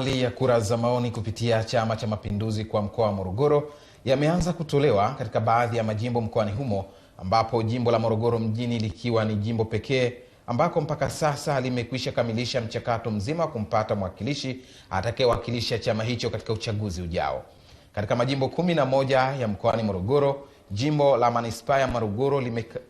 Hali ya kura za maoni kupitia Chama cha Mapinduzi kwa mkoa wa Morogoro yameanza kutolewa katika baadhi ya majimbo mkoani humo, ambapo jimbo la Morogoro mjini likiwa ni jimbo pekee ambako mpaka sasa limekwisha kamilisha mchakato mzima wa kumpata mwakilishi atakayewakilisha chama hicho katika uchaguzi ujao. Katika majimbo kumi na moja ya mkoani Morogoro, jimbo la manispaa ya Morogoro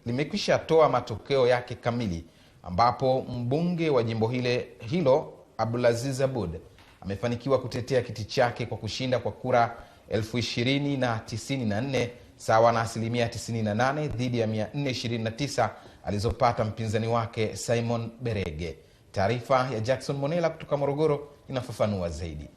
limekwisha toa matokeo yake kamili, ambapo mbunge wa jimbo hile hilo Abdulaziz abud amefanikiwa kutetea kiti chake kwa kushinda kwa kura 294 sawa na asilimia 98 dhidi ya 429 alizopata mpinzani wake Simon Berege. Taarifa ya Jackson Monela kutoka Morogoro inafafanua zaidi.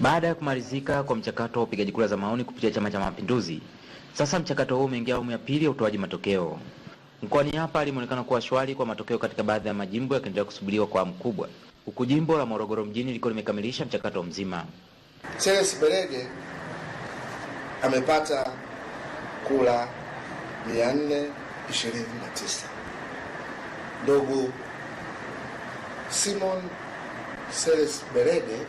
Baada ya kumalizika kwa mchakato wa upigaji kura za maoni kupitia Chama cha Mapinduzi, sasa mchakato huu umeingia awamu ya pili ya utoaji matokeo. Mkoani hapa limeonekana kuwa shwari kwa matokeo katika baadhi ya majimbo yakiendelea kusubiriwa kwa mkubwa, huku jimbo la Morogoro mjini likiwa limekamilisha mchakato mzima. Charles Berege amepata kura 429. Ndugu Simon Seles Berede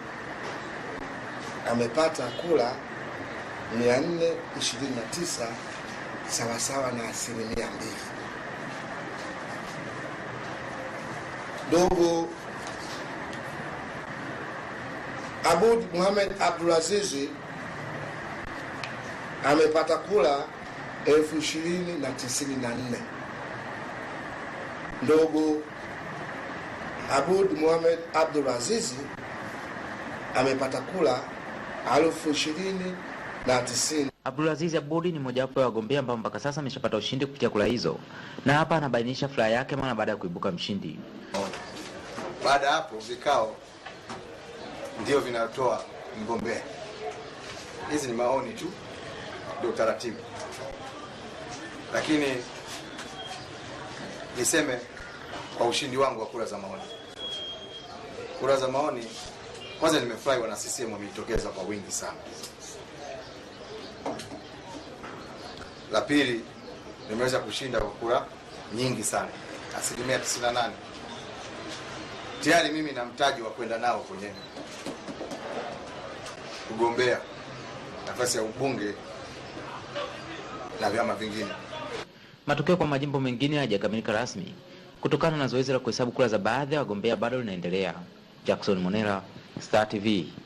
amepata kura 429 sawasawa na asilimia mbili. Donc, Ndugu euh, Abud Muhamed Abdulazizi amepata kura elfu ishirini na tisini na nne. Ndugu euh, Abud Muhamed Abdulazizi amepata kura elfu ishirini na tisini. Abdulaziz Abudi ni mojawapo ya wagombea ambao mpaka sasa ameshapata ushindi kupitia kula hizo, na hapa anabainisha furaha yake mara baada ya kuibuka mshindi. Baada ya hapo vikao ndio vinatoa mgombea. Hizi ni maoni tu, ndio utaratibu. Lakini niseme kwa ushindi wangu wa kura za maoni, kura za maoni, kwanza nimefurahi wana CCM wamejitokeza kwa wingi sana. La pili, nimeweza kushinda kwa kura nyingi sana, asilimia 98 tayari mimi na mtaji wa kwenda nao kwenye kugombea nafasi ya ubunge na vyama vingine. Matokeo kwa majimbo mengine hayajakamilika rasmi kutokana na zoezi la kuhesabu kura za baadhi ya wagombea bado linaendelea. Jackson Monera, Star TV.